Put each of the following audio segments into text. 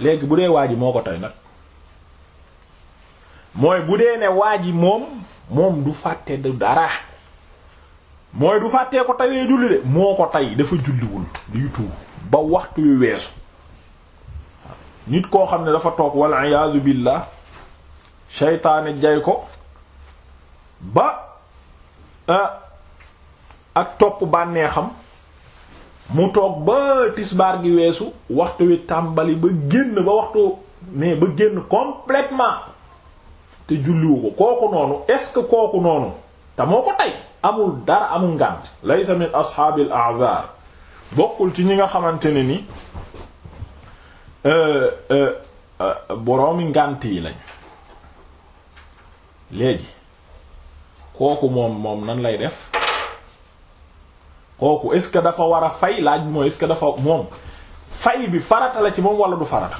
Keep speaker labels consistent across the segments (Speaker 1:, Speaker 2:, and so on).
Speaker 1: léegi bu dee waa ji moo ko tay nag mooy bu dee ne waa ji moom moom du fàtte du dara mooy du fàttee ko tey julli de moo ko tey dafa julliwul di tuub ba waxtu yu weesu nit koo xam ne dafa toog wal iyaazu billah seytaane jay ko ba ah, ak topp bànnee xam mu toog ba tisbaar gi weesu waxtu wi tàmbali ba génn ba waxtu mais ba génn complètement te julliwu ko kooku noonu est-ce que kooku noonu te moo ko tey amul dara amul ngànt laysa min ashaabil a'zar bokkul ci ñi nga xamante ne ni euh, euh, euh, boroomi ngànt yi lañ léegi kooku moom moom nan lay def kooku est-ce que dafa war a fay laaj mooy est-ce que dafa moom fay bi farata la ci moom wala du farata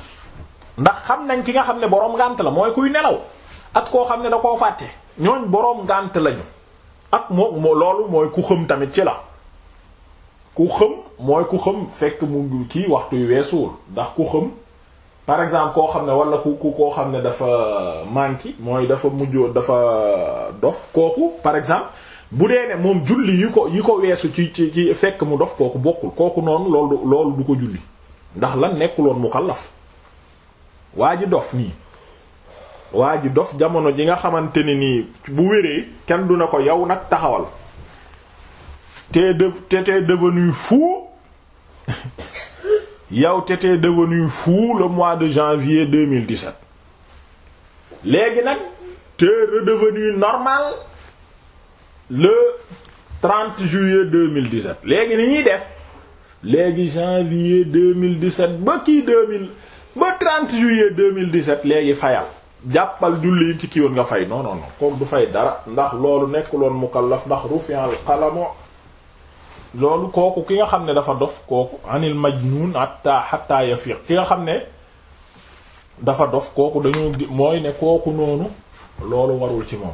Speaker 1: ndax xam nañ ki nga xam ne boroom ngànt la mooy kuy nelaw at koo xam ne da koo fàtte ñooñ boroom ngànt lañu ak moo loolu mooy ku xëm tamit ci la ku xëm mooy ku xëm fekk mu kii waxtu yu weesuwul ndax ku xëm par exemple koo xam ne wala ku ku koo xam ne dafa manqué mooy dafa mujjoo dafa dof kooku par exemple bu dee ne moom julli yi ko yi ko weesu ci ci fekk mu dof kooku bokkul kooku noonu loolu du ko julli ndax la nekkuloon mu mukallaf waa ji dof nii waa ji dof jamono ji nga xamante ne nii bu wéree kenn du na ko yow nag taxawal te de te te devenu fou yow te te devenu fou le mois de janvier 2017 léegi nag te redevenu normal le 30 juillet 2017 léegi ni ñuy def léegi janvier 2017 ba kii de 2000 ba 30 juillet 2017 léegi fayal jàppal julli yi ci kii woon nga fay non non non kooku fay dara ndax loolu nekkuloon mukallaf ndax rufi'al qalamu loolu kooku ki nga xam ne dafa dof kooku anil majnun hatta hatta yafiq ki nga xam ne dafa dof kooku dañoo mooy ne kooku noonu loolu warul ci moom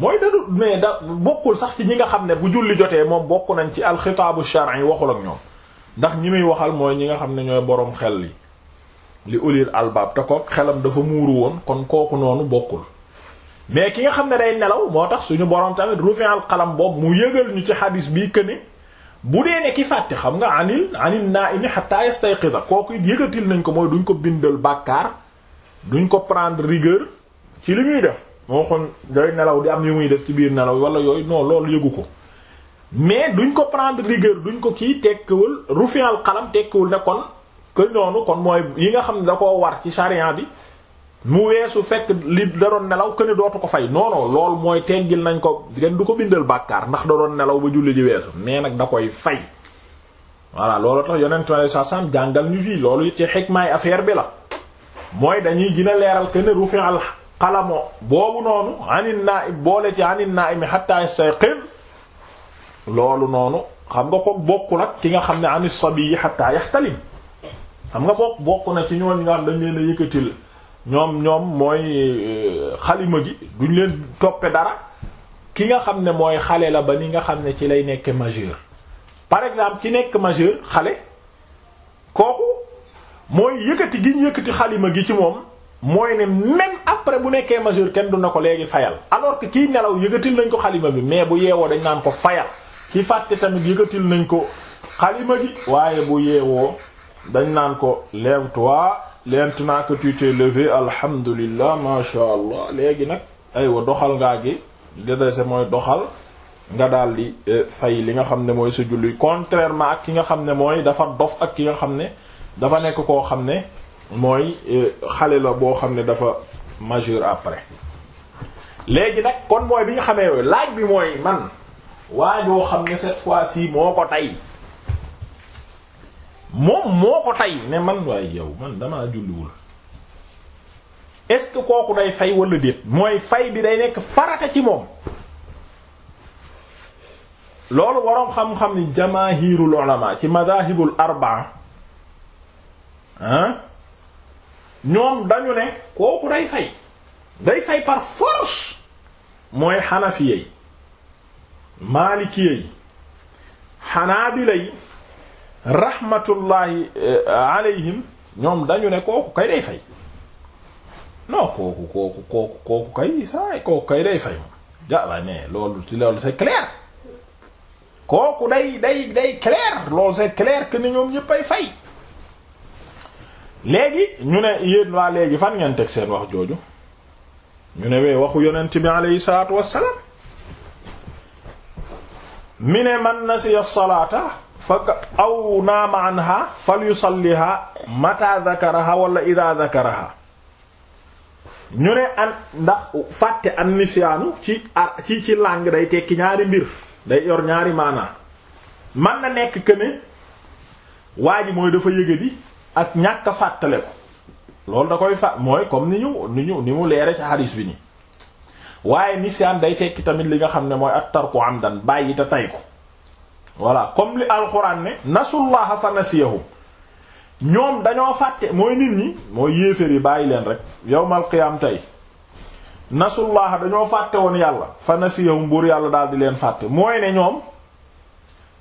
Speaker 1: mooy da du mais da bokkul sax ci ñi nga xam ne bu julli jotee moom bokk nañ ci alxitaabu shar'i waxul ak ñoom ndax ñi muy waxal mooy ñi nga xam ne ñooy boroom xel yi li ulil albaab te ko xelam dafa muuru woon kon kooku noonu bokkul mais ki nga xam ne day nelaw moo tax suñu boroom tamit rufi'al qalam boobu mu yëgal ñu ci xadis bii que ne bu dee ne ki fàtte xam nga anil anil naa'imi hattaa yastayqiza kooku it yëgatil nañ ko mooy duñ ko bindal bàkkaar duñ ko prendre rigueur ci li muy def moo xoon day nelaw di am yu muy def ci biir nelaw wala yooyu non loolu yëgu ko mais duñ ko prendre liggéer duñ ko kii tekkiwul rufial xalam tekkiwul ne kon que noonu kon mooy yi nga xam ne da ko war ci charian bi mu weesu fekk li da doon nelaw que dootu ko fay non non loolu mooy teggil nañ ko kenn du ko bindal bàkkaar ndax da doon nelaw ba julli ji weesu mais nag da koy fay. voilà loolu tax yonent sa sam jàngal ñu fii loolu it ci xikmaay affaire bi la mooy dañuy gën leeral que ne rufial xalamo boobu noonu anin naa boole ci anin naa imi hatta yastayqin loolu noonu xam nga ko bokku ak ki nga xam ne anis sabiyi hatta yaxtalim xam nga bokk bokk na ci ñooñ nga xam dañ leen yëkkati yëkkatil ñoom ñoom mooy euh, xalima gi duñ leen toppe dara ki nga xam ne mooy xale la ba ni nga xam ne ci lay nekk majeur par exemple ki nekk majeur xale kooku mooy yëkkati gi ñu yëkkati xalima gi ci moom mooy ne même après bu nekkee majeur kenn du na ko léegi fayal alors que kiy nelaw yëgatil nañ ko xalima bi mais bu yeewoo dañ naan ko fayal ki fàtte tamit yëgatil nañ ko xalima gi waaye bu yeewoo dañ naan ko lève-toi maintenant que tu t'es levé alhamdulillah masha allah léegi nag aywa doxal ngaa gi dédese mooy doxal nga daal di eh, fay li nga xam ne mooy sa julli contrairement ak ki nga xam ne mooy dafa dof ak ki nga xam ne dafa nekk koo xam ne mooy euh, xale la boo xam ne dafa majeur après léegi nag kon mooy bi ñu xamee yooyu laaj bi mooy man waa joo xam ne cette fois-ci moo ko tey moom moo ko tey ne man waaye yow man damaa julliwul est-ce que kooku day fay walla déet mooy fay bi day nekk farata ci moom loolu waroom xam-xam ni jamaahirul ulama ci madahibul arbaa ah ñoom dañu ne kooku day fay day fay par force mooy xanafiye yi maalikiye yi xanaabila yi rahmatullahi eh, alayhim ñoom dañu ne kooku kay day fay non kooku kooku kooku kay saay kooku kay day fay moom jàlla ne loolu ci loolu c'est clair kooku day day day loolu c'est clair que ni ñoom ñëpp fay léegi ñu ne yéen waa léegi fan ngeen teg seen wax jooju ñu ne wee waxu yonent bi aleyhi salaatu wassalaam mi ne man nasiya salaata fa aw naama anha fal yusalliha mata dakaraha wala ida dakaraha ñu ne an ndax fàtte an nisyaanu ci ar ci ci langue day tekki ñaari mbir day yor ñaari maanaa man na nekk que ne waa ji mooy dafa yëgadi ak ñàkk fàttale ko loolu da koy fàtt mooy comme ni ñu ni ñu ni mu leere ci hadis bi nii waaye nisyaan day tekki tamit li nga xam ne mooy at tarku amdan bàyyi te tay ko voilà comme li alxuraan ne nasullaha fa nasiyahum ñoom dañoo fàtte mooy nit ñi mooy yéeféer yi bàyyi leen rek yow yawmal qiyaam tey nasullaha dañoo fàtte woon yàlla fa nasiyahum buur yàlla daal di leen fàtte mooy ne ñoom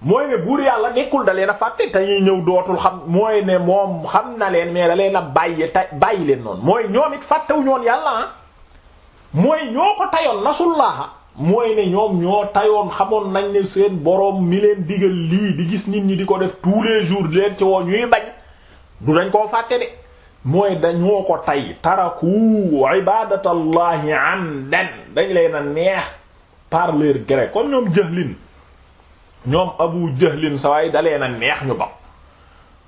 Speaker 1: mooy ne buur yàlla nekkul da leen a fàtte te ñuy ñëw dootul xam mooy ne moom xam na leen mais da leen a bàyyi ta bàyyi leen noonu mooy ñoom it fàttewu ñoon yàlla ah mooy ñoo ko tayoon mooy ne ñoom ñoo tayoon xamoon nañ ne seen boroom mi leen digal lii di gis nit ñi di ko def tous les jours di leen ci woo ñuy bañ du dañ koo fàtte de mooy dañoo ko tay taraku ibadatallahi amdan dañ leen a neex par leur kon comme ñoom jëxlin ñoom abu jahlin sawaay dalee na neex ñu ba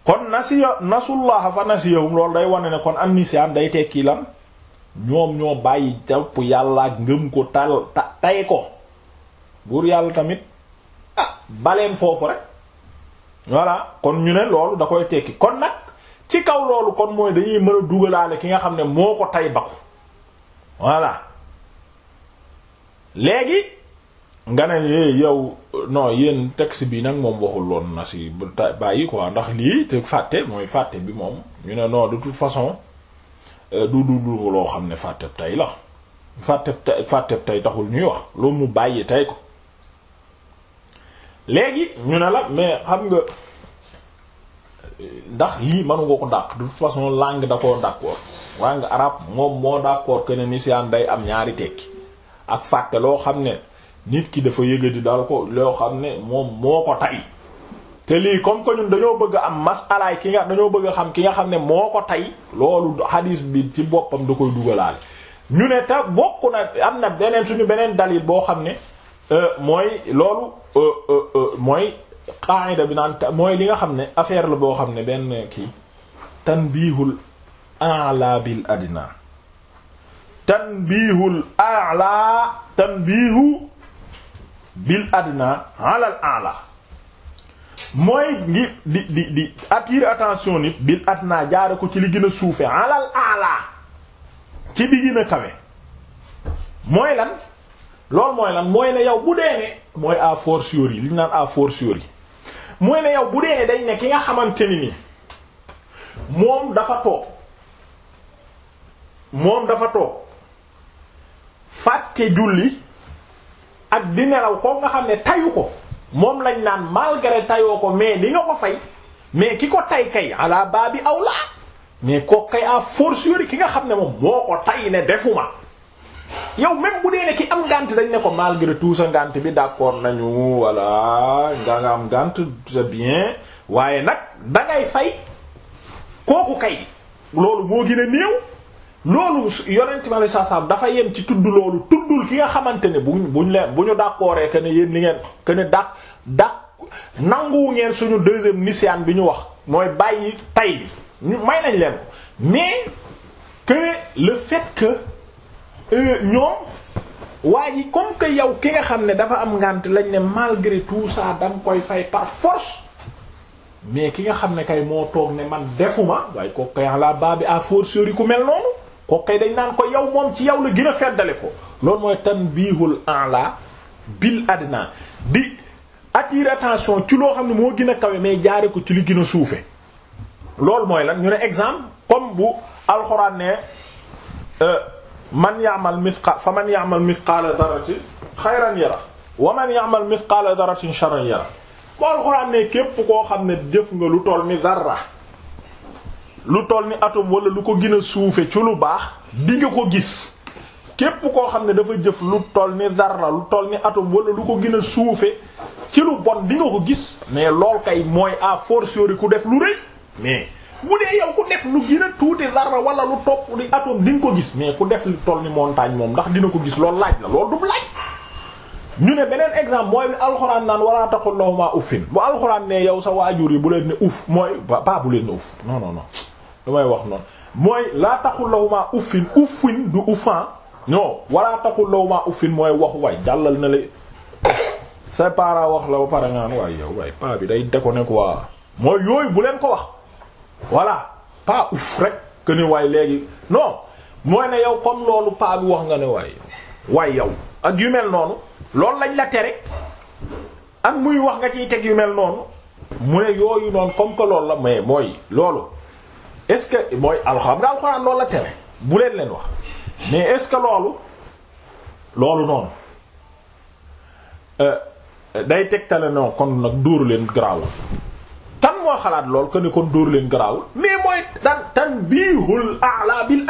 Speaker 1: kon nasiya nasullaha fa nasiyahum loolu day wane ne kon am nisiyaan day tekki lan ñoom ñoo bàyyi jàpp yàlla ngëm ko tal ta tay ko buur yàlla tamit ah baleen foofu rek voilà kon ñu ne loolu da koy tekki kon nag ci kaw loolu kon mooy dañuy mën a dugalaale ki nga xam ne moo ko tay ba ko voilà léegi nga ne eh, yow non yéen texte bi nag moom waxul woon na si bàyyi quoi ndax lii te fàtte mooy fàtte bi moom ñu ne noo de toute façon euh, du du du loo xam ne fàtte tey la fàtte tey fàtte tey taxul ñuy wax loolu mu bàyyi tey ko léegi ñu ne la mais xam nga ndax lii manu nga ko dàq de toute façon langue d'accord d'accord langue arabe moom moo d'accord que ne nisiyaan day am ñaari tekki ak fàtte loo xam ne. nit ki dafa yëgadi daal ko loo xam ne moom moo ko tay te lii comme que ñun dañoo bëgg am masalaay ki nga dañoo bëgg a xam ki nga xam ne moo ko tay loolu hadis bi ci boppam da koy dugalaale bokk na am na beneen suñu beneen dalil boo xam ne euh, mooy loolu euh, euh, mooy qaida bi naan mooy li nga xam ne affaire la boo xam ne benn kii tanbihul a'la bil àddina tanbihul a'la tanbihu bil adna alal ala mooy ngi di di di attirer attention nit bil adna jaare ko ci li gën a suufe alal ala ci bi gën a kawe mooy lan loolu mooy lan mooy ne yow bu dee ne mooy a fortiori li ñu naan a fortiori mooy ne yow bu dee ne dañ ne ki nga xamante ni ni moom dafa toog moom dafa toog fàtte julli ak di nelaw koo nga xam ne tayu ko moom lañ naan malgré tayoo ko mais li nga ko fay mais ki ko tay kay ala baa bi aw laa mais koo kay à fortiori ki nga xam ne moom moo ko tay ne defuma yow même bu dee ne ki am ngànt dañ ne ko malgré tout sa ngànt bi d'accord nañu voilà nga nga am ngànt c'est bien waaye nag dangay fay kooku kay loolu moo gën a néew loolu yonent ma la saa dafa yem ci tudd loolu tuddul ki nga xamante ne bu buñ leen bu ñu dàqooree que ne yéen li ngeen que ne dàq dàq nanguwu ngeen suñu deuxième mission bi ñu wax mooy bàyyi tay bi ñu may nañ leen ko mais que le fait que euh, ñoom waa ji comme que yow ki nga xam ne dafa am ngànt lañ ne malgré tout ça da koy fay par force mais ki nga xam ne kay moo toog ne man defuma waaye ko kay la ba bi à force yi ku mel noonu. ko kay dañ naan ko yow moom ci yow la gën a feddale ko loolu mooy tanbihul a'la bil adna di attire attention ci loo xam ne moo gën a kawe mais jaare ko ci li gën suufe loolu mooy lan ñu ne exemple comme bu alxuraan ne euh, man ya'mal misqa fa man ya'mal misqaala daratin xayran yara wa man ya'mal misqaala daratin sharran yara bu alxuraan ne képp koo xam ne jëf nga lu toll ni zarra lu toll ni atome wala lu ko gën a suufe ci lu baax di nga ko gis képp koo xam ne dafa jëf lu toll ni zarra lu toll ni atome wala lu ko gën a suufe ci lu bon di nga ko gis mais lool kay mooy à fortiori ku def lu mais bu dee yow ku def a wala lu topp di atome ko gis mais ku def lu toll ni montagne moom ndax dina ko gis loolu laaj la loolu ñu ne beneen exemple mooy alxuraan naan wala taqul lahuma uffin bu alxuraan ne yow sa waajur yi bu leen ne uff mooy pas bu leen ne uff non non lu may wax noonu mooy laa taxul lawumaa uffin uffin du uffan non walaa taxul lawumaa uffin mooy waxu waay jàllal na la sa parents wax la ba pare ngaan waay yow waay pa bi day déconné waa mooy yooyu bu leen ko wax voilà pas uff rek que ni waay léegi non mooy ne yow comme loolu pa bi wax nga ne waay waay yow ak yu mel noonu loolu lañ la tere ak muy wax nga ciy teg yu mel noonu mu ne yooyu noonu comme que loolu la mais mooy loolu est-ce que mooy alxam nga alxuraan loolu la tere bu leen leen wax mais est-ce que loolu loolu noonu euh, day tegtale non kon nag dóoru leen garaawul kan moo xalaat lool que ni kon dóoru leen garaawul mais mooy tan tanbihul a'la bil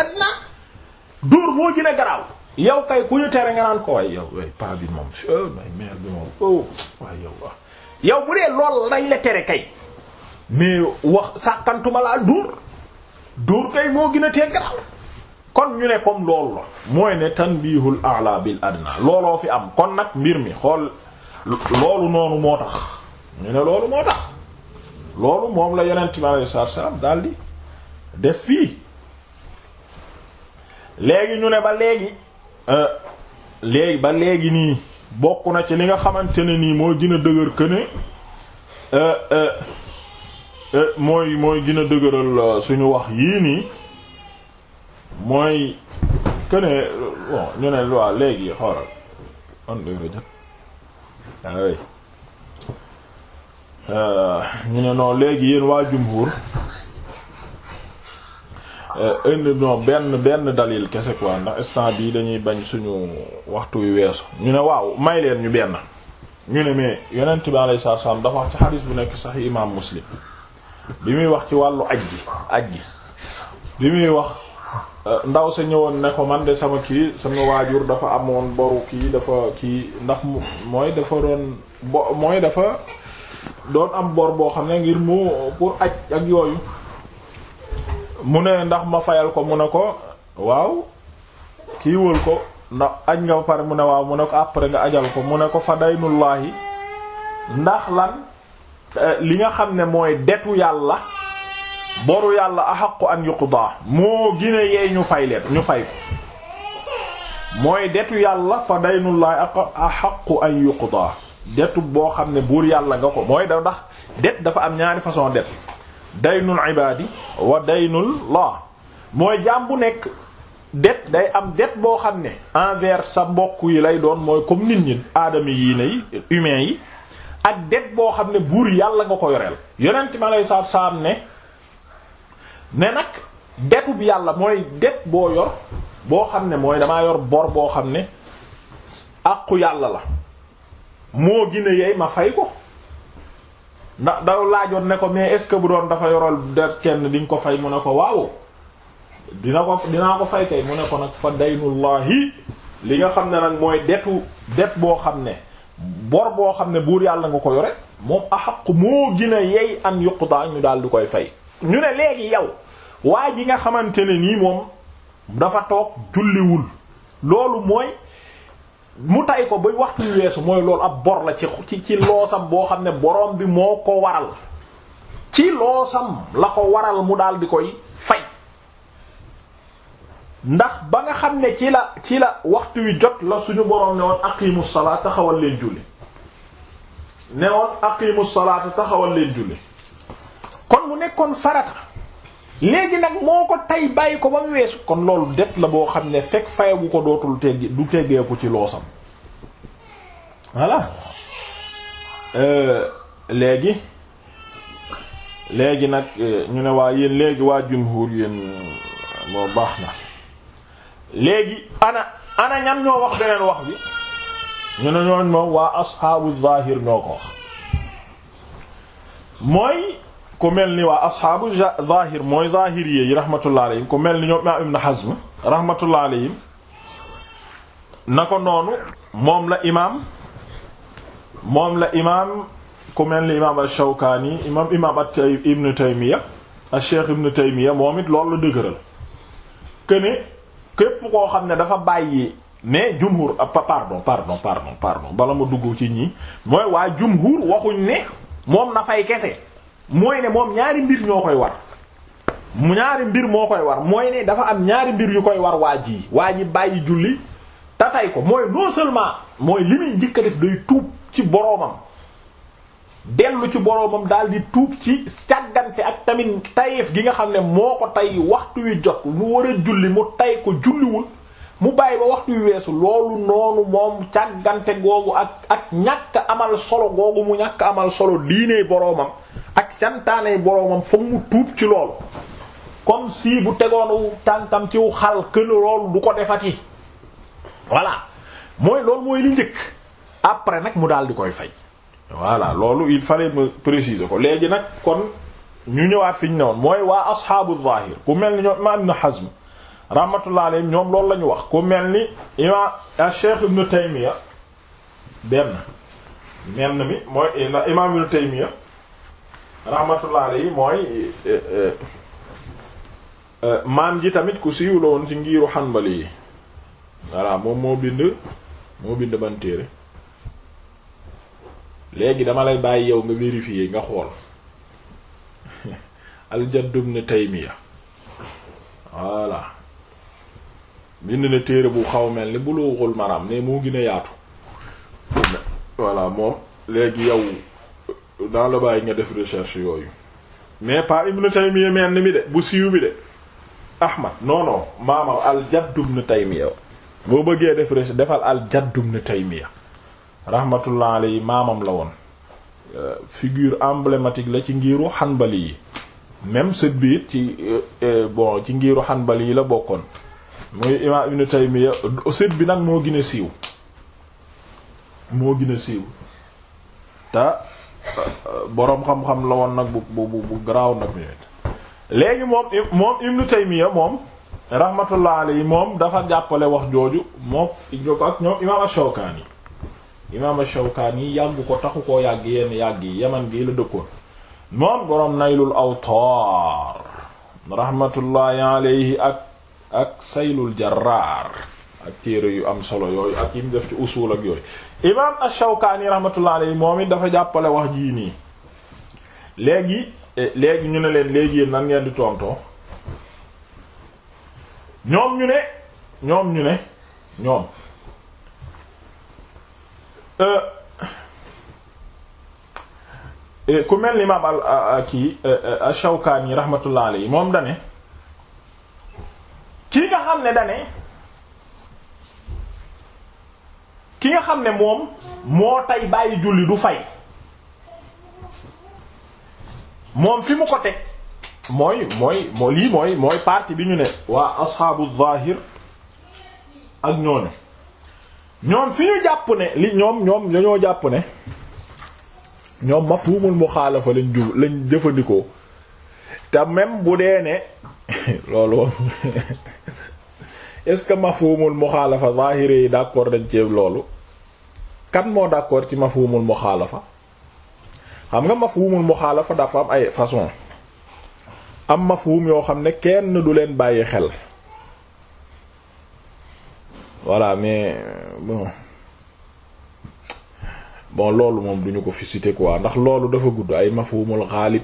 Speaker 1: dóor moo gën a garaaw yow kay ku ñu tere nga naan ko waaye yow way pa bi moom euh, may mère bi moom o oh, waaye yow wa yow bu dee lool lañ la tere kay mais wax sàkkantuma laa dóor dóor kay moo gën a kon ñu ne comme loolu la mooy ne tanbihul a'la bil adna looloo fi am kon nag mbir mi xool loolu noonu moo tax ñu ne loolu moo tax loolu moom la yonent bi alayhi salaatu salaam daldi def fii léegi ñu ne ba léegi euh, léegi ba léegi nii bokk na ci li nga xamante ne nii moo gën a dëgër que ne euh, euh, Eh, mooy mooy gën a dëgëral euh, suñu wax yii nii mooy këne bon ñu ne waa léegi xoolal an heure jot waaw ñu ne non léegi yéen waa jumhur indi euh, non benn benn dalil kese quoi ndax instant bii dañuy bañ suñu waxtu wi weesu ñu ne waaw may leen ñu benn ñu ne mais yonent bi alayhi salaam dafa wax ci xadiis bu nekk sax imam muslim bi muy wax ci wàllu aj gi aj gi bi muy wax euh, ndaw sa ñëwoon ne ko man de sama kii sama waajur dafa amoon boru kii dafa kii ndax mooy dafa doon mooy dafa doon am bor boo xam ne ngir mu pour aj ak yooyu mu ne ndax ma fayal ko mu ne ko waaw kii wël ko ndax aj nga pare mu ne waaw mu ne ko après nga ajal ko mu ne ko fa daynullaahi ndax lan Euh, li nga xam ne mooy detu yàlla boru yàlla axaqu an yuqda moo gine yee ñu fay leen ñu fay ko mooy detu yàlla fa daynullahi axaqu an yuqda detu boo xam ne buur yàlla nga ko mooy da ndax det dafa am ñaari façon det daynul ibaadi wa daynul la mooy jaam bu nekk det day am det boo xam ne envers sa mbokk yi lay doon mooy comme nit ñi aadami yii ne yi yi ak det boo xam ne buur yàlla nga ko yoreel yonent ma lay saab saab ne ne nag detub yàlla mooy det boo yor boo xam ne mooy damaa yor boor boo xam ne àqu yàlla la moo gine yeey ma fay ko ndax daw laajoon ne ko mais est-ce que bu doon dafa yoral der kenn diñ ko fay mu ne ko waaw dina ko dinaa ko fay kay mu ne ko nag fa daynullahi li nga xam ne nag mooy detu det boo xam ne bor boo xam ne buur yàlla nga ko yore moom axaqu moo gën a yey an yuqudaa ñu daal di koy fay ñu ne léegi yow waa ji nga xamante ne nii moom dafa toog julliwul loolu mooy mu tay ko ba waxtu weesu mooy loolu ab bor la ci ci ci loosam boo xam ne boroom bi moo ko waral ci loosam la ko waral mu daal di koy fay ndax ba nga xam ne ci la ci la waxtu wi jot la suñu boroom ne woon aqimu salaat taxawal leen julli ne woon aqimu salaat taxawal leen julli kon mu nekkoon farata léegi nag moo ko tay bàyyi ko ba mu weesu kon loolu det la boo xam ne fekk fayagu ko dootul teggi du teggee ko ci loosam voilà euh, léegi léegi nag euh, ñu ne waa léegi waa jumhur yéen moo baax na léegi ana ana ñan ñoo wax beneen wax bi ñu ne ñooñ waa asxaabu zahir ñoo ko mooy ku mel ni waa asxaabu zahir mooy zahir yi rahmatullah alayhim ku mel ni ñoom imaam Ibn Hazm rahmatullah alayhim na ko noonu moom la imaam moom la imaam ku mel ni imaam al-Shawkaani Ibn Taymiyya moom it loolu la dëgëral këne képp koo xam ne dafa bàyyi mais jumhur ah, pardon pardon pardon pardon bala ma duggu ci ñi mooy waa jumhur waxuñ ne moom na fay kese mooy ne moom ñaari mbir ñoo koy war ñaari mbir moo koy war mooy ne dafa am ñaari mbir yu koy war waa ji waa ji bàyyi julli tatay ko mooy non seulement mooy li muy njëkk a def day tuub ci boroomam dellu ci boroomam daal di tuub ci càggante ak tamit tayef gi nga xam ne moo ko tay waxtu wi jot mu war a julli mu tay ko julliwul mu bàyyi ba waxtu wi weesu loolu noonu moom càggante googu ak ak ñàkk amal solo googu mu ñàkk amal solo diine boroomam ak cantaane boroomam foog mu tuub ci loolu comme si bu tegoon tànkam ciw xal kën loolu du ko defati voilà mooy loolu mooy li njëkk après nag mu daal di koy fay voilà loolu il fallait me préciser ko léegi nag kon ñu ñëwaat fi ñu ne woon mooy waa asxaabu zahir ku mel ni ñoom imaam Ibn Hazm rahmatullah alayhi ñoom loolu la ñu wax ku mel ni imaam ah, Cheikh Ibn Taymiya benn menn mi mooy eh, imaam rahmatullah alayhi mooy eh, eh, maam ji tamit ku siiwul woon ci ngiiru Hanbali yi voilà moom moo bind moo bind ban léegi dama lay bàyyi yow nga vérifier nga xool al-Jadd ibn Taymiya voilà bind na téere bu xaw mel ni Bulughul Maram ne moo gën a yaatu voilà moom léegi yow daa la bàyyi nga def recherche yooyu mais pas Ibn Taymiya mel ni mi de bu siiw bi de Ahmad non non maamam al-Jadd Taymiya boo bëggee def recherche defal al-Jadd ibn Taymiya rahmatullah alayhi maamam la woon euh, figure emblématique la ci ngiiru xanbali yi même sët bi ci euh, euh, bon ci ngiiru xanbali yi la bokkoon muy imaam ibnu taymiya sët bi nag moo gën a siiw moo gën siiw te boroom xam-xam la woon nag bu bu bu garaaw nag léegi moom moom ibnu taymiya moom rahmatullah alayhi moom dafa jàppale wax jooju moom ak ñoom imaam ash-shawkaani imaam Shawkaani yàggu ko taxu koo yàgg yenn yàgg yi yaman gi la dëkkoon moom boroom naylul awtaar rahmatullahi alayhi ak ak saylul jarraar ak téere yu am solo yooyu ak yim def ci usul ak yooyu imaam Shawkaani rahmatullahi moom it dafa jàppale wax jii nii léegi eh, léegi ñu ne leen léegi yéen nan ngeen di tontoo ñoom ñu ne ñoom ñu ne ñoom Euh, ku mel ni imaam al euh, euh, kii Shawkaani rahmatullah yi moom dane ki nga xam ne dane ki nga xam ne moom moo tay bàyyi julli du fay moom fi mu ko teg mooy mooy moo lii mooy mooy partie bi ñu ne waa asxaabu zaahir ak ñooñu ñoom fi ñu jàpp ne li ñoom ñoom dañoo jàpp ne ñoom mafhumul muxaalafa lañ jëfandikoo te même bu dee ne loolu est-ce que mafhumul muxaalafa zahiri yi d'accord dañ ceeb loolu kan moo d'accord ci mafhumul muxaalafa xam nga mafhumul muxaalafa dafa am ay façon am mafhum yoo xam ne kenn du leen bàyyi xel voilà mais bon loolu moom duñu ko fi citer quoi ndax loolu dafa gudd ay mafhumul xaalib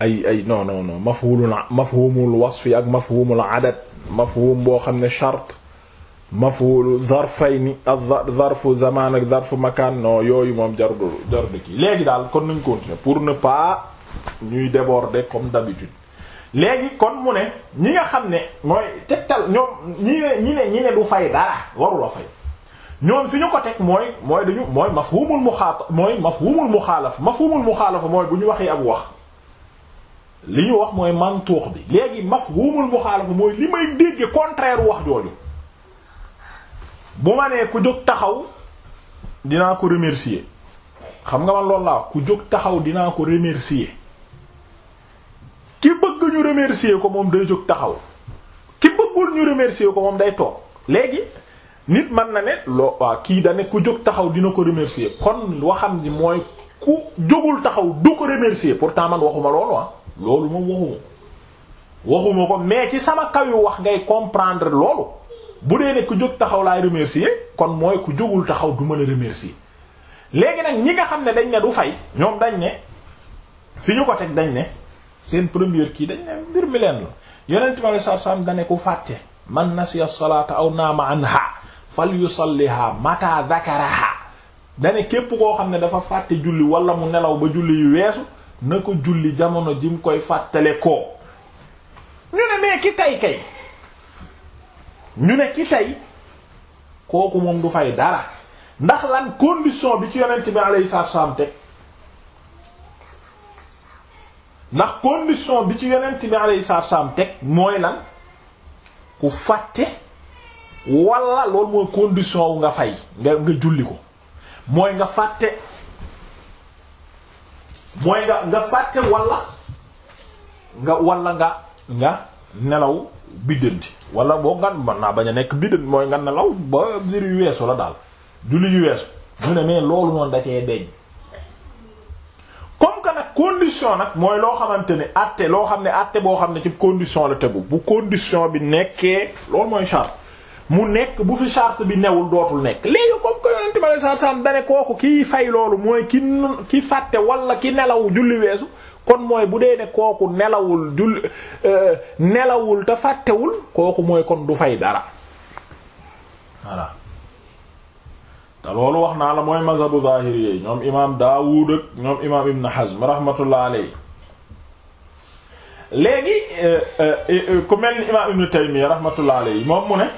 Speaker 1: ay ay non non non mafhumul mafhumul wasfi ak mafhumul adad mafhum boo xam ne charte mafhumul zarfayni ak zarfu zaman ak zarfu makan non yooyu moom jarul jarul kii léegi daal kon nañ continuer pour ne pas ñuy déborder comme d'habitude léegi kon mu ne ñi nga xam ne mooy tegtal ñoom ñi ne ñi ne ñi ne du fay dara warula fay ñoom fi ñu ko teg mooy mooy dañu mooy mafhumul mu mooy mafhumul muxaalafa mafhumul muxaalafa mooy bu ñu waxee ab wax li ñu wax mooy mantuux bi léegi mafhumul muxaalafa mooy li may dégge contraire wax jooju bu ma nee ku jóg taxaw dinaa ko remercier xam nga man loolu laa wax ku jóg taxaw dinaa ko remercier bëggul ñu ko moom day jóg taxaw ki bëggul ñu remercier ko moom day toog léegi nit mën na ne loo waaw kii da ne ku jóg taxaw dina ko remercier kon waxam ni mooy ku jógul taxaw du ko remercier pourtant man waxuma loolu ah loolu moom waxuma waxuma ko mais ci sama kaw yu wax ngay comprendre loolu bu dee ne ku jóg taxaw laay remercier kon mooy ku jógul taxaw du mën a remercier léegi nag ñi nga xam ne dañ ne du fay ñoom dañ ne fi ñu ko teg dañ ne. seen première kii dañ ne mbir mi leen la yonent bi alei satu salaam ku fàtte man nasiya salaata aw naama anha falyusalliha mata dhakaraha dane képp koo xam ne dafa fàtte julli wala mu nelaw ba julli yu weesu na ko julli jamono ji mu koy fàttale koo ñu ne mais ki tey kay ñu ne ki tey kooku moom du fay dara ndax lan condition bi ci yonent bi alayhi salaatu teg ndax condition bi ci yonent bi yi salaatu wasallam teg mooy lan ku fàtte wala loolu mooy condition wu nga fay nga ko mooy nga fàtte mooy nga nga fàtte wala nga wala nga nelaw biddanti wala boo ngan man naa bañ a nekk biddanti mooy nga nelaw ba mbir yu weesu la daal julli yu weesu mu ne mais loolu noonu da cee deñ condition nag mooy loo xamante ne àtte loo xam ne àtte boo xam ne ci condition la tegu bu condition bi nekkee loolu mooy charte mu nekk bu fi charte bi newul dootul nekk léegi comme que yonente bi alei satu salaam dane kooku kiy fay loolu mooy ki ki fàtte wala ki nelaw julli weesu kon mooy bu dee ne kooku nelawul julli euh, nelawul te fàttewul kooku mooy kon du fay dara te loolu wax naa la mooy mazhabu zahiri yi ñoom imaam Daawud ak ñoom imaam Ibn Hazm rahmatullah alayhi léegi euh, euh, euh, ku mel ni imaam Ibn Taymiyya rahmatullah moom mu ne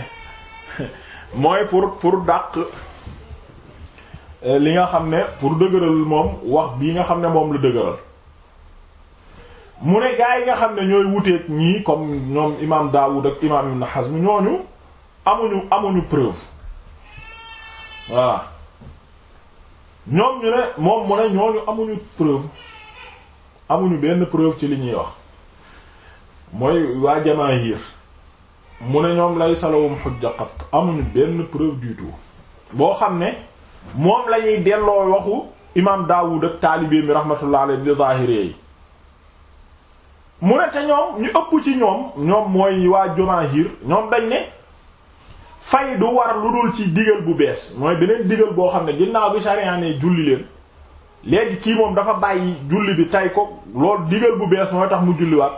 Speaker 1: mooy pour pour dàq li nga xam ne pour dëgëral moom wax bii nga xam ne moom la dëgëral mu ne gaa yi nga xam ne ñooy wuteeg ñii comme ñoom imaam Daawud ak imaam Ibn Hazm ñooñu amuñu amuñu preuve. voilà ñoom ñu ne moom mu ne ñooñu amuñu preuve amuñu benn preuve ci li ñuy wax mooy waa jamaahir mu ne ñoom lay salawum xujja qat amuñu benn preuve du tout boo xam ne moom lañuy delloo loxu imaam Daawud ak taalibe mi rahmatullah alayhi di zaahiree yi mu ne te ñoom ñu ëpp ci ñoom ñoom mooy waa jamaahir ñoom dañ ne fay du war lu dul ci digal bu bees mooy beneen digal boo xam ne ginnaaw bi sharia ne julli leen léegi kii moom dafa bàyyi julli bi tay ko loolu digal bu bees mooy tax mu julliwaat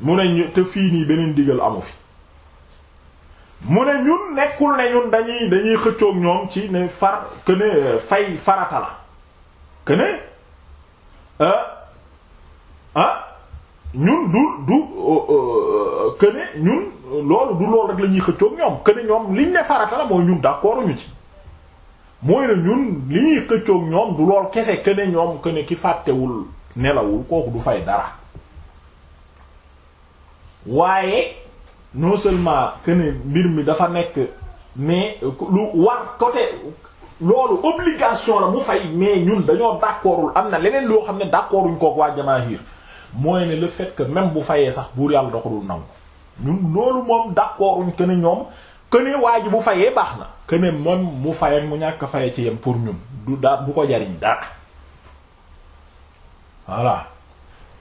Speaker 1: mu ne fii nii beneen digal amu fi mu ne ñun nekkul ne ñun dañuy dañuy xëccoog ñoom ci ne far que euh, fay farata la que ne euh, ah, ñun du du euh, que ñun. loolu du loolu rek la ñuy xëccoog ñoom que ñoom liñ ne farata la mooy ñun d'accord ñu ci mooy ne ñun li ñuy xëccoog ñoom du lool kese que ne ñoom que ki fàttewul nelawul kooku du fay dara waaye non seulement que mbir mi dafa nekk mais lu war côté loolu obligation la mu fay mais ñun dañoo d'accordul am na leneen loo xam ne d'accorduñ koog waa jamaahir mooy ne le fait que même bu fayee sax buur yàlla da ko dul nangu loolu moom d'accorduñ que ne ñoom que ne waa ji bu fayee baax na que ne moom mu fay mu ñàkk faye ci yem pour ñun du daa bu ko jariñ dara voilà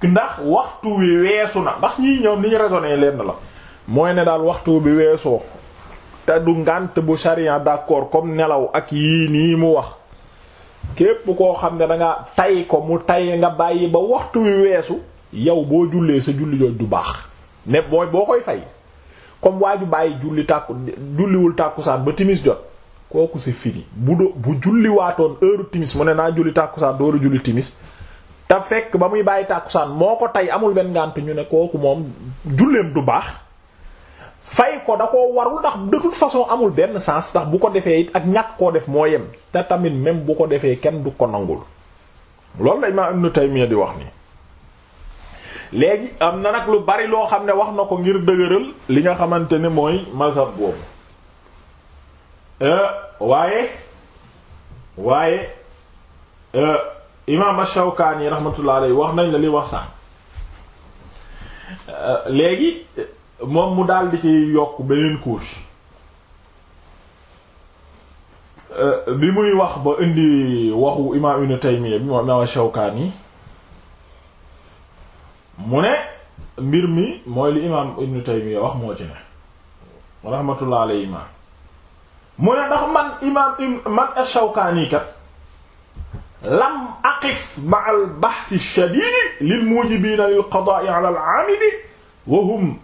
Speaker 1: ndax waxtu wi weesu na ndax ñii ñoom ni ñu raisonné leen la mooy ne daal waxtu bi weesoo te du ngànt bu sharia d'accord comme nelaw ak yii nii mu wax képp koo xam ne danga tay ko mu tay nga bàyyi ba waxtu wi weesu yow boo jullee sa julli jooj du baax ne mooy boo koy fay comme waa ju bàyyi julli tàkku julliwul tàkkusaan ba timis jot kooku c'est fini bu do bu julli waatoon heure timis mu ne naa julli tàkkusaan dooru julli timis te fekk ba muy bàyyi tàkkusaan moo ko tey amul benn ngànt ñu ne kooku moom julleem du baax fay ko da koo warul ndax de façon amul benn sens ndax bu ko defee it ak ñàkk koo def moo yem te tamit même bu ko defee kenn du ko nangul loolu la imaam Ibnu Taymiyya di wax nii léegi am na nag lu bari loo xam ne wax na ko ngir dëgëral li nga xamante ne mooy mazhab boobu eh, waaye waaye eh, imaam Shawkaani rahmatullah alayhi wax nañ la li wax sax eh, léegi moom mu daal di ci yokk beneen couche bi muy wax ba indi waxu imaam inu Taymiyya bi moom imaam Shawkaani mu ne mbir mi mooy li imaam ibnu Taymiyya wax moo ci ne rahmatullah alayhi ma mu ne ndax man imaam man ash-Shawkaani kat lam aqif ma'a al-bahth ash-shadiid lil-muujibiina lil-qadaa'i 'ala al-'aamidi wa hum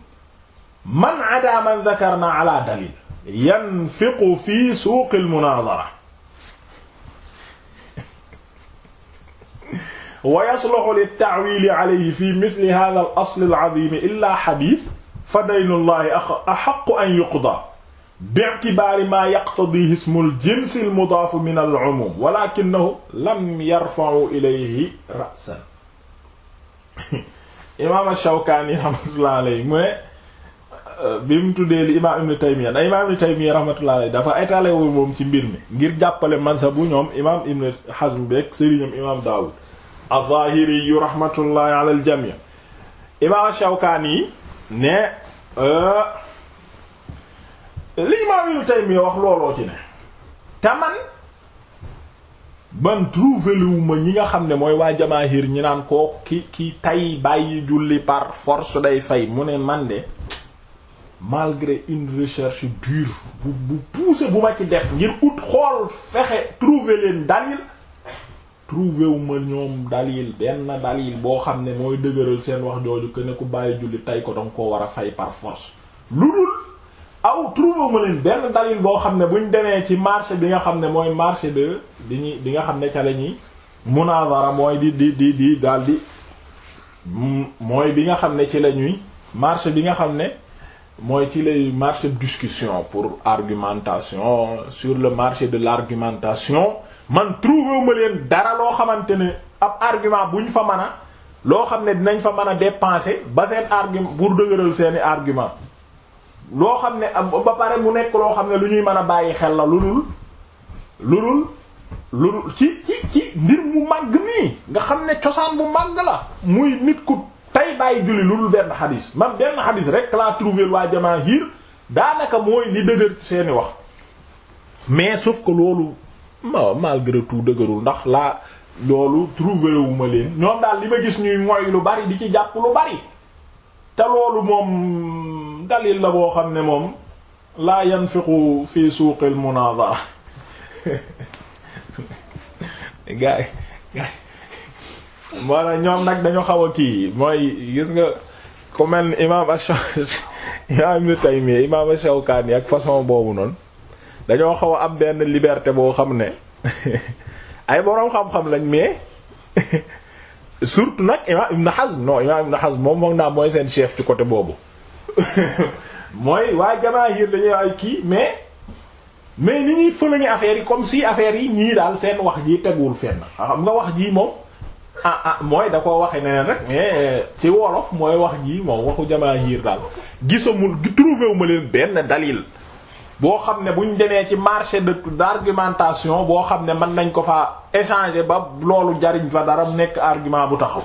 Speaker 1: man 'adaa man dhakarnaa 'alaa daliil yanfiqu fii suuq al-munaadara wa yasluhu littaawili alayhi fi mithli hadha al asl al azim illa hadith fa daynullahi ahaqqu an yuqda bi'tibari ma yaqtadihi ismul jinsi al mudaaf min al umum walakinahu lam yarfa'u ilayhi ra'san imaam Shawkaani rahmatullahi alayhi mu ne euh, bi mu tuddee li imaam Ibn Taymiyya na imaam Ibn Taymiyya rahmatullahi alayhi dafa étalé wu moom ci mbir mi ngir jàppale mazhabu ñoom imaam Ibn Hazm beek sëriñam imaam Daawud az-Zahiri yu rahmatullahi ala al-jami imaam Shawkaani ne euh, li imaam Ibn Taymiyya wax looloo ci ne te man man trouvé ñi nga xam ne mooy waa jamaahir ñi naan koo ki ki tay bàyyi julli par force day fay mu ne man malgré une recherche dure bu bu poussée bu ma ci def ngir ut xool fexe trouvé dalil trouvé wu ma ñoom dalil benn dalil boo xam ne mooy dëgëral seen wax jooju que ne ku bàyyi julli tay ko danga koo war a fay par force lu dul aw trouvé wu benn dalil boo xam ne buñ demee ci marché bi nga xam ne mooy marché de diñu di nga xam ne ca la ñuy munazara mooy di di di di daal di mm, mooy bi nga xam ne ci lañuy ñuy marché bi nga xam ne mooy ci lay marché de discussion pour argumentation sur le marché de l'argumentation man trouvé ma leen dara loo xamante ne ab argument bu ñu fa mën a loo xam ne dinañ fa mën a dépenser ba seen argument pour dëgëral seeni argument loo xam ne ba pare mu nekk loo xam ne lu ñuy mën a bàyyi xel la lu dul lu dul lu dul ci ci ci mbir mu màgg nii nga xam ne cosaan bu màgg la muy nit ku tey bàyyi julli lu dul benn xadis man benn xadis rek laa trouvé waa jamaahir daanaka mooy li dëgër seeni wax mais suuf ko loolu ma malgré tout dëgërul ndax laa loolu trouvé wu leen ñoom daal li ma gis ñuy moy lu bari di ci jàpp lu bari te loolu moom dalil la boo xam ne moom laa yanfiqu fi suuqil munazara gaay gaay moo ñoom nag dañu xaw a kii mooy gis nga ku mel ni imaam ash imaam Ibn Taymiyya imaam ash-Shawkani ak façon boobu noonu dañoo xaw a am benn liberté boo xam ne ay boroom xam-xam lañ mais surtout nag imam Ibn Hazm non moom moom naa mooy seen chef ci côté boobu mooy waa jamaahir dañuy ay kii mais mais ni ñuy fëlañu affaire yi comme si affaire yi ñii daal seen wax ji teguwul fenn xam nga wax jii moom ah ah mooy da ko waxe neneen rek mais ci wolof mooy wax ji moom waxu jamaahir daal gisamul trouvé wu ma leen benn dalil boo xam ne buñ demee ci marché de d'argumentation boo xam ne mën nañ ko fa échanger ba loolu jariñ fa dara mu nekk argument bu taxaw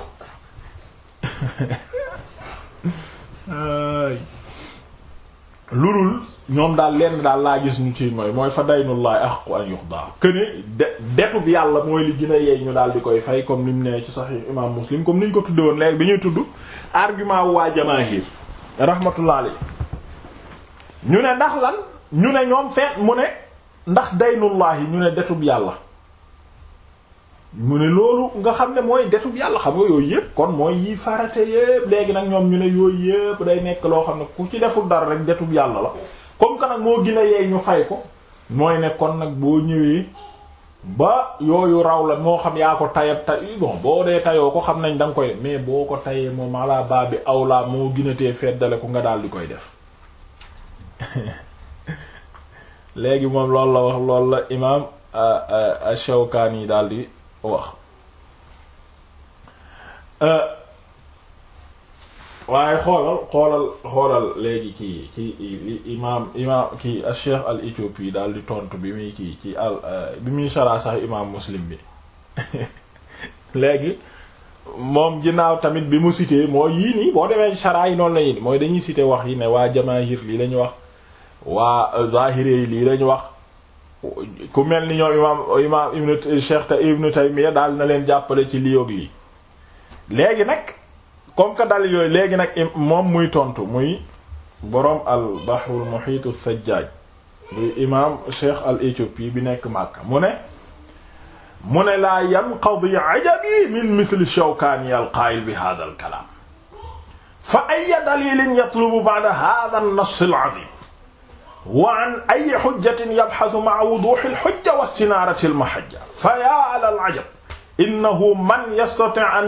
Speaker 1: lulul ñoom daal lenn daal laa gis ñu ci mooy mooy fa daynullahi ahqu an yuqda këne de detub yàlla mooy li gën yee ñu daal di koy fay comme ni mu ci sahih imam muslim comme ni ñu ko tuddee woon léegi bi ñuy tudd argument bu waa jamaahir rahmatullah alayhi ñu ne ndax lan ñu ne ñoom feet mu ne ndax yi ñu ne detub yàlla mu ne loolu nga xam ne mooy detub yàlla xam nga yooyu yëpp kon mooy yi farate yëpp léegi nag ñoom ñu ne yooyu yëpp day nekk loo xam ne ku ci deful dara rek detub yàlla la comme que nag moo gën yee ñu fay ko mooy ne kon nag boo ñëwee ba yooyu raw la moo xam yaa ko tayat tay bon boo dee tayoo ko xam nañ danga nga koy mais boo ko tayee moom ala baa bi awlaa moo gënatee feddale ko nga daal di koy def léegi moom loolu la wax lool la imaam Shawkaani yi daal di wax waaye xoolal xoolal xoolal léegi kii kii imaam imaam kii Cheikh al Éthiopie daal di tontu bi muy kii ci al bi muy saraa sax imaam Muslim bi léegi moom ginnaaw tamit bi mu cité moo yii nii boo demee saraa yi noonu la yii nii mooy dañuy cité wax yi ne waa jamaahir lii lañu wax waa zahiri yi lii lañu wax ku mel ni ñoom imaam imaam ibnu Cheikh ibnu Taymiya daal na leen jàppale ci lii ak lii léegi nag comme que dalil yooyu léegi nag moom muy tontu muy boroom al bahrul muhitu sajjaaj muy imaam Cheikh al Éthiopie bi nekk Makka mu ne mu ne laa yanqadi ajabi min misli Shawkaani al qaa'il bi haadha al kalaam fa ayya dalilin yatlubu ba'da haadha an-nass al-'azim wa an ay hujjatin yabhasu ma'a wuduhi al-hujja wa istinarati al-mahajja fa ya ala al-ajab innahu man yastati an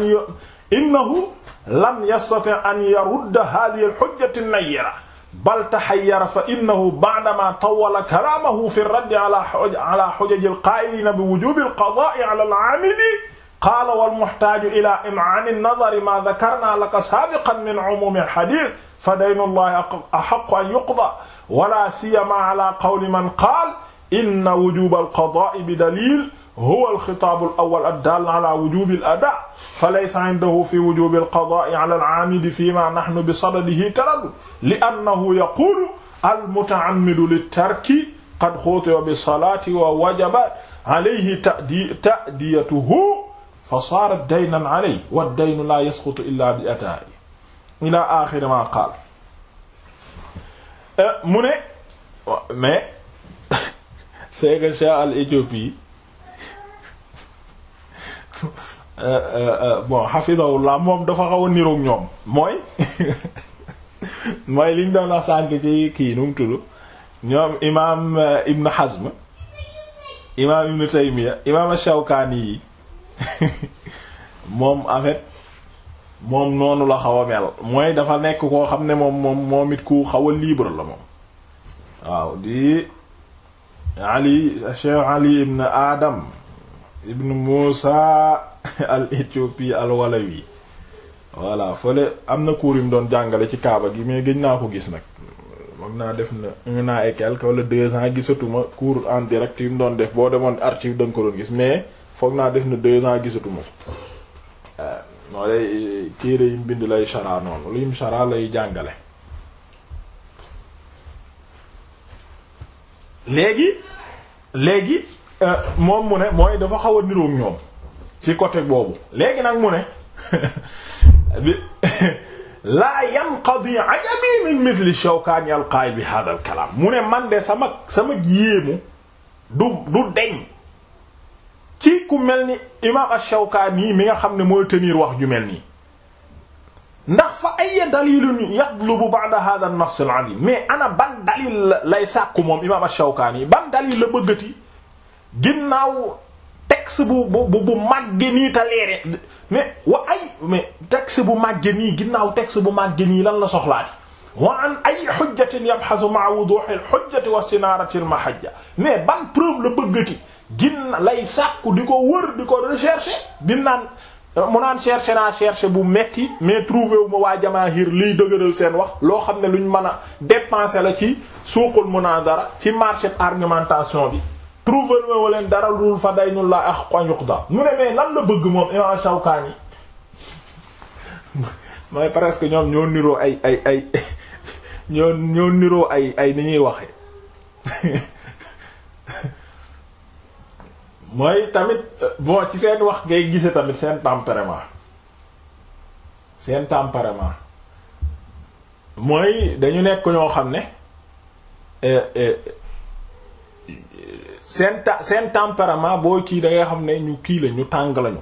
Speaker 1: innahu lam yastati an yarudda hadhihi al-hujjati an-nayyira bal tahayyara fa innahu ba'dama tawwala kalamahu fi ar-radd ala ala hujaj al-qa'ilina bi wujub al-qada'i ala al-'amili qaala wal-muhtaaju ila im'aani an-nadari ma dhakarna laka saabiqan min 'umumi al-hadith fa daynu llahi ahaqqu an yuqda wala siyama ala qawli man qaal inna wujuba alqadaa'i bi dalil huwa alxitaabu alawal addaal ala wujubi al ada fa laysa indahu fi wujubi alqadaa'i ala alaamidi fi ma nahnu bi sadadihi taraddud li annahu yaquulu almutaammidu littarki qad xutiba bi salaati wa wajaba alayhi tadi tadiyatuhu fa saara daynan alayhi wa daynu laa yasqutu illa bi ataa ila axiri ma qaal Euh, mu ne mais c'est que Cheikh al Éthiopie euh, euh, bon hafizahullah moom dafa xaw a niroog ñoom mooy mooy liñ doon la sànk ci kii nu mu tudd ñoom imaam Ibn Hazm imaam Ibn Taymiyya imaam Shawkaani yi moom en moom noonu la xaw a mel mooy dafa nekk koo xam ne moom moom moom it ku xaw a libre la moom waaw di ali cheikh ali ibn adam ibn Musa al Éthiopie al Walawi voilà fële am na cours yu doon jàngale ci Kaaba gi mais gëj naa ko gis nag moom naa def na un an et quelques wala deux ans gisatuma cour en direct yu mu doon def boo demoon archive da nga ko doon gis mais foog naa def na deux ans gisatuma ko euh, moo lay téere yim bind lay sara noonu lay jàngale léegi léegi euh, moom mu ne mooy dafa xaw a niroog ñoom ci côté boobu léegi nag mu ne laa yanqadi ajabi min mithli Shawkani al qaa'il bi hadha al mu ne man de sama sama yéemu du du deñ ci ku mel ni imaam ash-Shawkaani mi nga xam ne mooy tenir wax ju mel nii ndax fa ay dalilun yatlubu ba'da hadha an-nass al-'azim mais ana ban dalil lay sàkku moom imaam ash-Shawkaani ban dalil la bëggati ginnaaw texte bu bu bu màgge nii te leere mais wa ay mais texte bu màgge nii ginnaaw texte bu màgge nii lan la soxlaati wa an ay hujjatin yabhasu ma'a wuduhi al-hujjati wa sinaarati al-mahajja mais ban preuve la bëggati gin lay sàkku di ko wër di ko rechercher di mu naan cherché naa cherché bu metti mais trouvé wu ma waa jamaahir liy dëgëral seen wax loo xam ne lu ñu mën a dépenser la ci naa dara ci marché argumentation bi trouvé wu leen dara lu fa day ñu la ak xoñuq da mu ne mais lan la bëgg moom imam Shawkani mooy presque ñoom ñoo niroo ay ay ay ñoo niroo ay ay ni ñuy waxee mooy tamit boo ci seen wax ngay gise tamit seen tempérament seen tempérament mooy dañu nekk ñoo xam ne eh, eh, seen ta seen tempérament boo kii da ngay xam ne ñu kii la ñu tàng lañu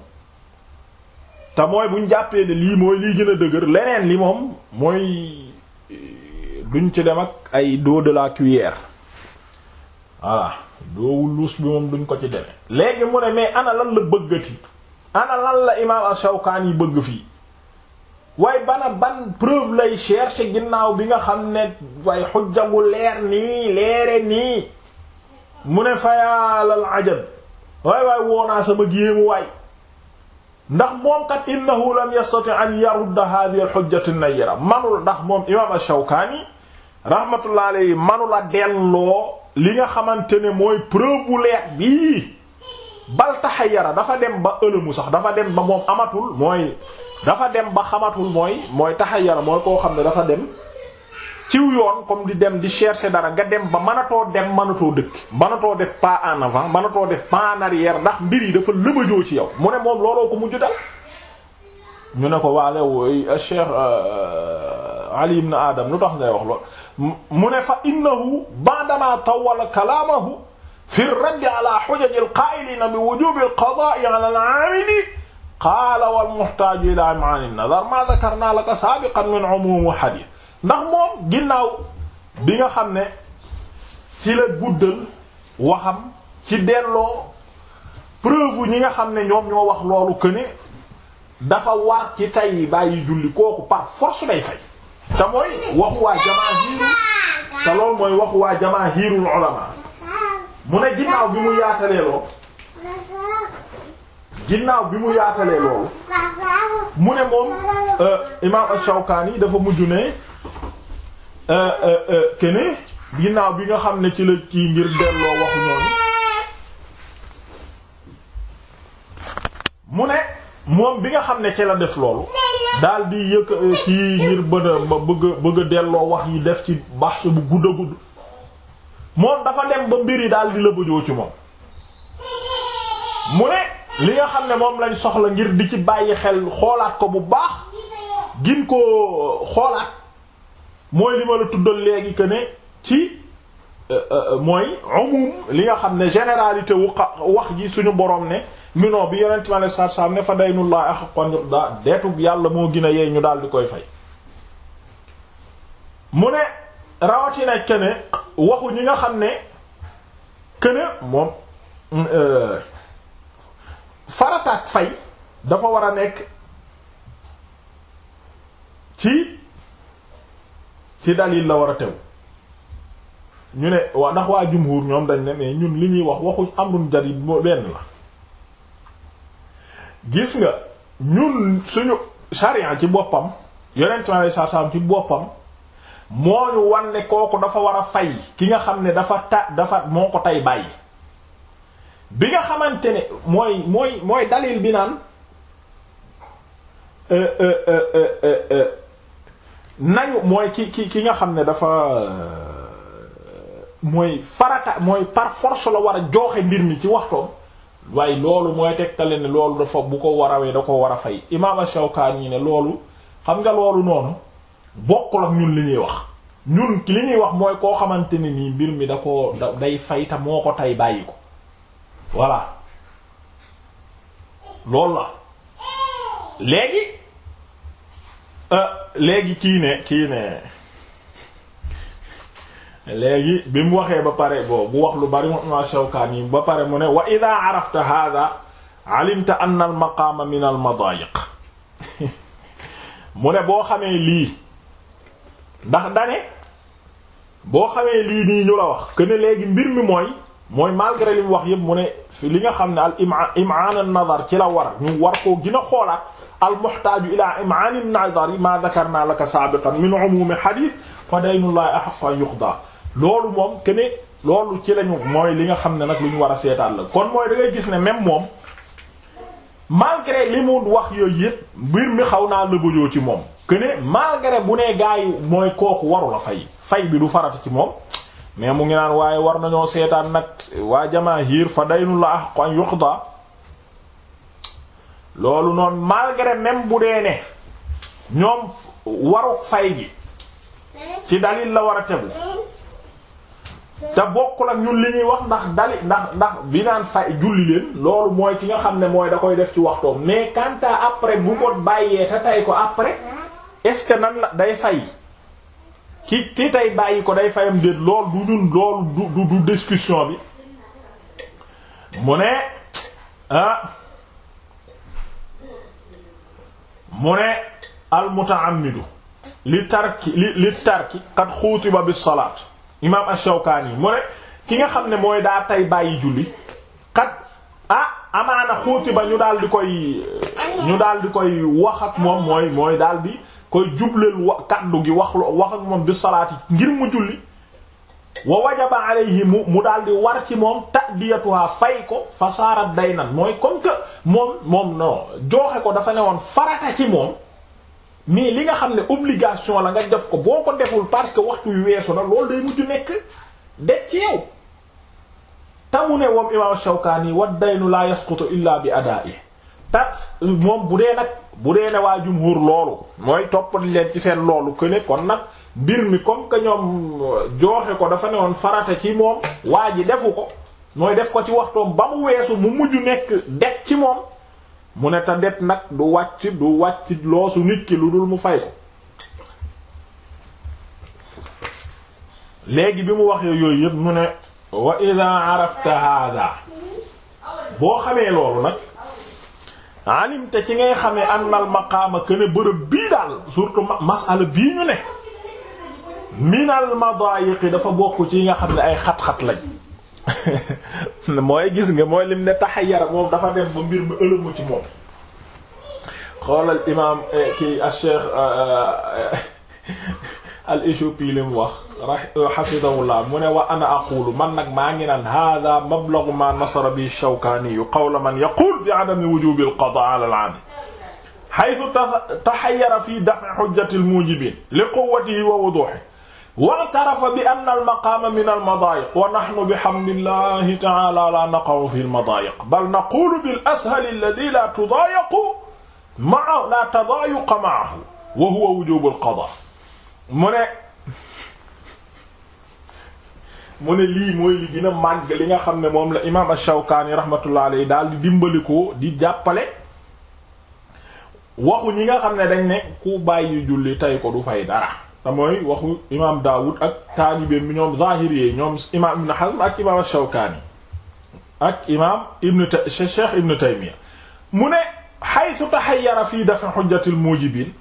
Speaker 1: te mooy buñ jàppee ne lii mooy lii gën a dëgër leneen li moom mooy eh, duñ ci dem ak ay dos de la cuillère voilà doowul luus bi moom duñ ko ci deme léegi mu ne mais ana lan la bëggati ana lan la imaam Ash-Shawkaani bëgg fii waaye bana ban preuve lay cherche ginnaaw bi nga xam ne waaye xujja bu leer nii leere nii mu ne fayaalal ajab waay waay woonaa sama géemu waay ndax moom kat innahu lam yastati an yarudda hadhihi al-hujjatu an-nayyira manul ndax moom imaam Ash-Shawkaani rahmatullah alayhi manula delloo li nga xamante ne mooy preuve bu leer bii bal taxayara dafa dem ba ëlëmu sax dafa dem ba moom amatul mooy dafa dem ba xamatul mooy mooy taxayara mooy koo xam ne dafa dem ciw yoon comme di dem di chercher dara nga dem ba mënatoo dem mënatoo dëkk mënatoo def pas en avant mënatoo def pas en arrière ndax mbir yi dafa lëbëjoo ci yow mu ne moom looloo ko mujj dal ñu ne ko waalew cheikh euh, ali na adam lu tax ngay wax lool mu ne fa innahu ba'dama tawwala kalaamahu fi raddi ala hujaj al-qaa'iliina bi wujuubi al-qadaa'i ala al-'aamili qaala wal-muhtaaju ilaa ma'aani an-nadar maa dhakarnaa laka saabiqan min 'umuumi hadiis ndax moom ginnaaw bi nga xam ne ci la guddal waxam ci delloo preuve ñi nga xam ne ñoom ñoo wax loolu que ne dafa war ci tay bàyyi julli kooku par force day fay. te mooy waxu waa jamaahiru te loolu mooy waxu waa jamaahirul ulama mu ne ginnaaw bi mu yaatalee loolu ginnaaw bi mu yaatalee loolu mu ne moom euh, imaam ash-Shawkaani dafa mujj ne kene euh, euh, ginnaaw bi nga xam ne ci la kii ngir delloo waxu ñoonu mu ne moom bi nga xam ne ci la def loolu daal di yëkk euh, kii ngir bën a bëgg bëgg delloo wax yi def ci baax bu gudd a gudd moom dafa dem ba mbir yi daal di la bëjoo ci moom mu ne li nga xam ne moom lañ soxla ngir di ci bàyyi xel xoolaat ko bu baax gin koo euh, xoolaat mooy li ma la tuddal léegi que ne ci euh, mooy umum li nga xam ne généralité wu wax ji suñu borom ne minon bi yonent mi aleyhi salaatu salaam ne fa daynullahi haqqan yuqda deetub yàlla moo gën a yey ñu daal di koy fay mu ne rawatina kene waxu ñi nga xam ne kene moom euh, farataak fay dafa war a nekk ci ci dalil la war a tew ñu ne waa ndax waa jumhur ñoom dañ ne mais ñun li ñuy wax waxu amrun jadid benn la gis nga ñun suñu sharia ci boppam yonent mi alayhi salaam ci boppam moo ñu kooku dafa war a fay ki nga xam ne dafa ta dafa moo ko tey bàyyi bi nga xamante ne mooy mooy mooy dalil bi naan euh, euh, euh, nañu mooy ki ki ki nga xam ne dafa mooy farata mooy par force la war a jooxe mbir mi ci waxtoom waaye loolu mooy tegtale ne loolu dafa bu ko warawee da ko war a fay imaam Ash-Shawkani ne loolu xam nga loolu noonu bokkul ak ñun li ñuy wax ñun li ñuy wax mooy koo xamante ne nii mbir mi da ko da day fay moo ko tey bàyyi ko voilà loolu la léegi euh, léegi kii ne kii ne léegi bi mu waxee ba pare boo wax lu bari ma Shawkaani yi ba pare mu ne wa idaa arafta haadaa alimta anna min al mu ne boo xamee lii ndax dane boo xamee lii nii ñu la wax que ne léegi mbir mi mooy mooy malgré li wax yépp mu ne li nga xam ne al ima imaan an nazar ci la war ñu war koo gën a xoolaat ila imaan an nazar ma dhakarna laka saabiqan min umumi hadith fa daynullahi ahqqu an yuqda loolu moom que loolu ci lañu mooy li nga xam ne nag lu ñu war a seetaan la kon mooy da gis ne même moom malgré li mu wax yooyu yëpp mbir mi xaw naa lëbëjoo ci moom que ne bu nee gaa mooy kooku waru la fay fay bi du farata ci moom mais mu ngi naan waaye war nañoo seetaan nag waa jamaahir fa daynu la ah kon yuqda loolu noonu malgré même bu dee ne ñoom waru fay gi ci dalil la war a tegu te bokkul ak ñun li ñuy wax ndax dali ndax ndax bi naan fay julli leen loolu mooy ki nga xam ne mooy da koy def ci waxtoom mais quant après bu ko bàyyee te tey ko après est-ce nan la day fay ki ti tay bàyyi ko day fayam déet lool du ñun lool du du discussion bi mu ne ah mu ne al mutaammidu li tarki li tarki qad xutiba bis salaat imaam ash-Shawkaani mu ki nga xam ne mooy daa tay bàyyi julli xat ah amaana xóoti ba ñu daal di koy ñu daal koy wax ak moom mooy mooy daal di koy jubleel kaddu gi wax wax ak moom bi salaati ngir mu julli wa wajaba alayhi mu mu daal di war ci moom ta'diyatuha fay ko fa saarat day nan mooy comme que moom moom non joxe ko dafa ne woon farata ci moom mais li nga xam ne obligation la nga def ko boo ko deful parce que waxtu yu weesu na loolu day mujj nekk de ci yow mu ne moom imam Shawkaani wa daynu la yasqutu illa bi adaa'i ta moom bu dee nag bu dee ne waa jumhur loolu mooy toppal leen ci seen loolu que ne kon nag mbir mi comme que ñoom euh, jooxe ko dafa ne woon farata ci moom waa ji defu ko mooy def ko ci waxtoom ba mu weesu mu mujj nekk det ci moom mu ne te det nag du wàcc du wàcc loosu nit ki lu dul mu fay ko léegi bi mu waxee yooyu yëpp mu ne wa ida arafta hada boo xamee loolu nag alimte ci ngay xamee annal maqaama kuene bërëb bii daal surtout masala bii ñu ne minal madayiqi dafa bokk ci yi nga xam ne ay xat-xat lañ mooy gis nga mooy lim ne taxayara moom dafa dem ba mbir mi ëlëmu ci moom xoolal imaam eh, kii al ah, cheikh ah, ah, al éthiopie li mu wax xafidahullah mu ne wa ana aqulu man nag maa ngi naan hada mablagu ma nasara bi shawkaaniyu qawla man yaquul bi adami wujubi al qada ala al aam xaytu taxayara fi daf'i xujjati al mujibiin li quwwatihi wa wuduuhihi wa'tarafa bi anna al-maqaama min al-madaayiq wa nahnu bihamdillahi ta'aala laa naqa'u fi al-madaayiq bal naquulu bil-ashali alladhi laa ma'ahu laa tadaayuqa ma'ahu wa huwa wujuubu al-qadaa' mu lii mooy li gën a li nga xam ne moom la imaam ash-Shawkaani rahmatullahi alayhi daal di dimbalikoo di jàppale waxu ñi nga xam ne dañ ne ku bàyyi julli tey ko du te mooy waxu imaam Daawud ak taalibeem bi ñoom Zahiri ñoom imaam Ibn Hazm ak imaam Shawkaani ak imaam Ibn Ta Cheikh Ibn Taymiya mu ne haythu tahayyara fii def hujjatil mujibiin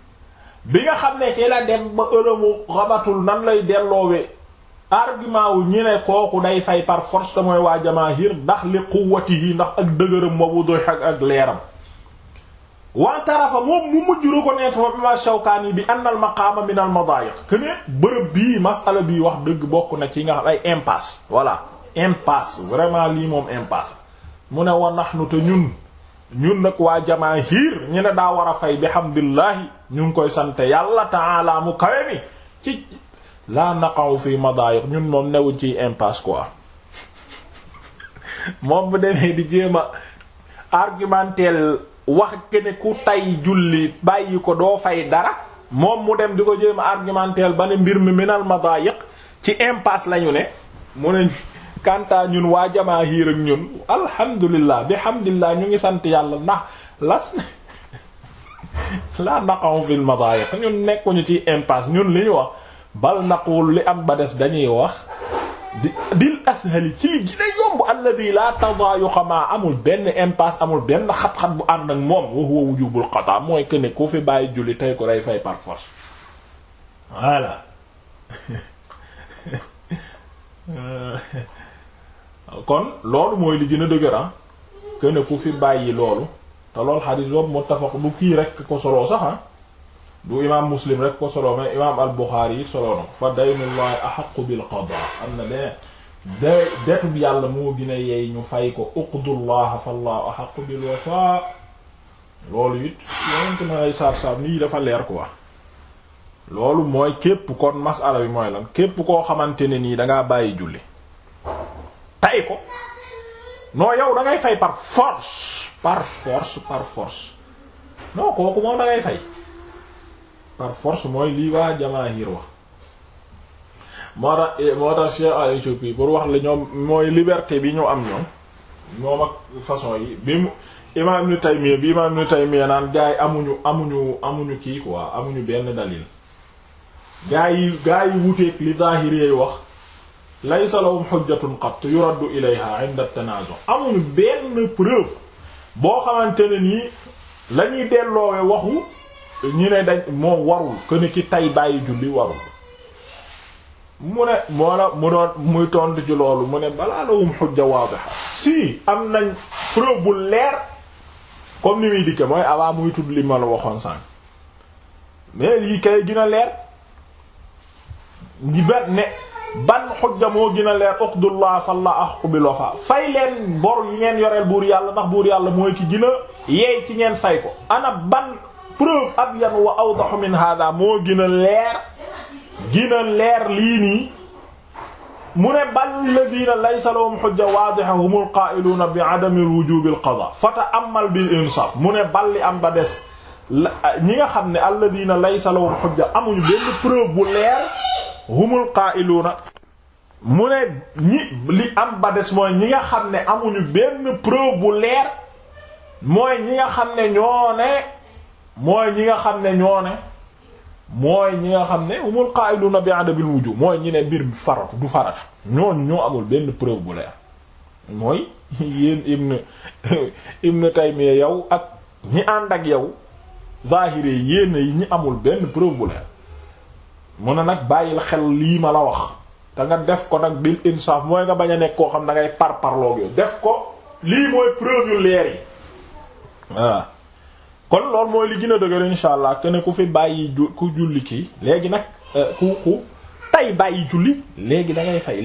Speaker 1: bi nga xam ne ci la dem ba ëlëmu xamatul nan lay delloowe argument wu ñi ne kooku day fay par force te mooy waa jamaahir ndax li quwwatihi ndax ak dëgëram wa wuduh ak ak leeram wantarafa moom mu mujj reconnaître wa imam Shawkaani bi anna al maqaama min al madaayiq que ne bërëb bii masala bii wax dëgg bokk na ci nga xam ay impasse voilà impasse vraiment lii moom impasse mu ne wa nahnu te ñun ñun nag waa jamaahiir ñu ne daa war a fay bi hamdulillahi ñu ngi koy sant yàlla ta'ala mu kawe mi ci la naqaw fi madaayiq ñun moom newuñ ciy impasse quoi moom bu demee di jéem a wax ne ku tay julli bàyyi ko doo fay dara moom mu dem di ko jéem argumenter ba ne mbir mi minal madayiq ci impasse lañu ñu ne mu ne kanta ñun waa jamaahiir ak ñun bi bihamdillah ñu ngi sant yàlla ndax las laa naqamu fil madayiq ñun nekkuñu ci impasse ñun li ñu wax bal naqul li am ba des dañuy wax bil ashali ci li gën a yomb alladi la tadaayuqa ma amul benn impasse amul benn xat-xat bu ànd ak moom wa wujubul xata mooy que ne ku fi bàyyi julli tey ko day fay par force kon loolu mooy li gën a dëgëran ah. que ku fi bàyyi loolu te loolu xadis boobu muttafaq bu kii rek ko soloo sax ah. du imaam muslim rek ko solo mais imaam al buxaari yi solo ko bil qada am na ne de detub yàlla moo gën a yey ñu fay ko uqdullaha fallahu ahaqu bil wafa loolu it yonentu na ay saab-saab nii dafa leer quoi loolu mooy képp kon masala bi mooy lan képp koo xamante ne nii dangaa bàyyi julli tay ko non yow da ngay par force par force par force non kooku moom da ngay par force mooy moo tax eh, moo tax mooy liberté bi ñu am ñoom moom ak façon yi bi mu amuñu amuñu amuñu kii quoi amuñu benn dalil gaa yi gaa yi wuteeg li zaahiri yi wax laysa lahum hujjatun qat yuraddu ilayha amuñu benn preuve boo xamante ne lañuy delloowe waxu ñi ne dañ moo warul que ni ki tay bàyyi julli warul mu ne moo la mu doon muy tontu ci loolu mu ne balaa lawum xujja waadiha si am nañ preuve bu leer comme ni muy dikke mooy avant muy tudd li waxoon sànq mais lii kay gën leer di ne ban xujja moo gën a leer uqdullah falla ahqu bil wafa fay leen bor yi ngeen yoreel buur yàlla ndax buur yàlla mooy ki gën a yeey ci ngeen fay ko ana ban preuve abyan wa awdahu moo gën leer gën leer lii nii mu ne bal ladina laysa lahum mu ne bal li am ba des ñi nga xam ne alladina laysa lahum hujja amuñu mu ne ñi li am ba mooy ñi nga xam ne amuñu benn preuve bu leer mooy ñi nga xam ne ñoo mooy ñi nga xam ne ñoo ne mooy ñi nga xam ne humul qa'iluna bi adabil wuju mooy ñi ne mbir faratu du farata ñooñu ñoo amul benn preuve bu leer mooy yéen ibn ibn Taymiyya yow ak ñi ànd ak yow zahire yéen yi ñi amul benn preuve bu leer mu ne nag bàyyil xel lii ma la wax te nga def ko nag bil insaf mooy nga bañ a nekk koo xam da ngay par parloo def ko lii mooy preuve yu leer yi waaw kon loolu mooy li gën a dëgër insha allah que ne ku fi bàyyi ku julli kii léegi nag euh, ku ku tay bàyyi julli léegi da ngay fay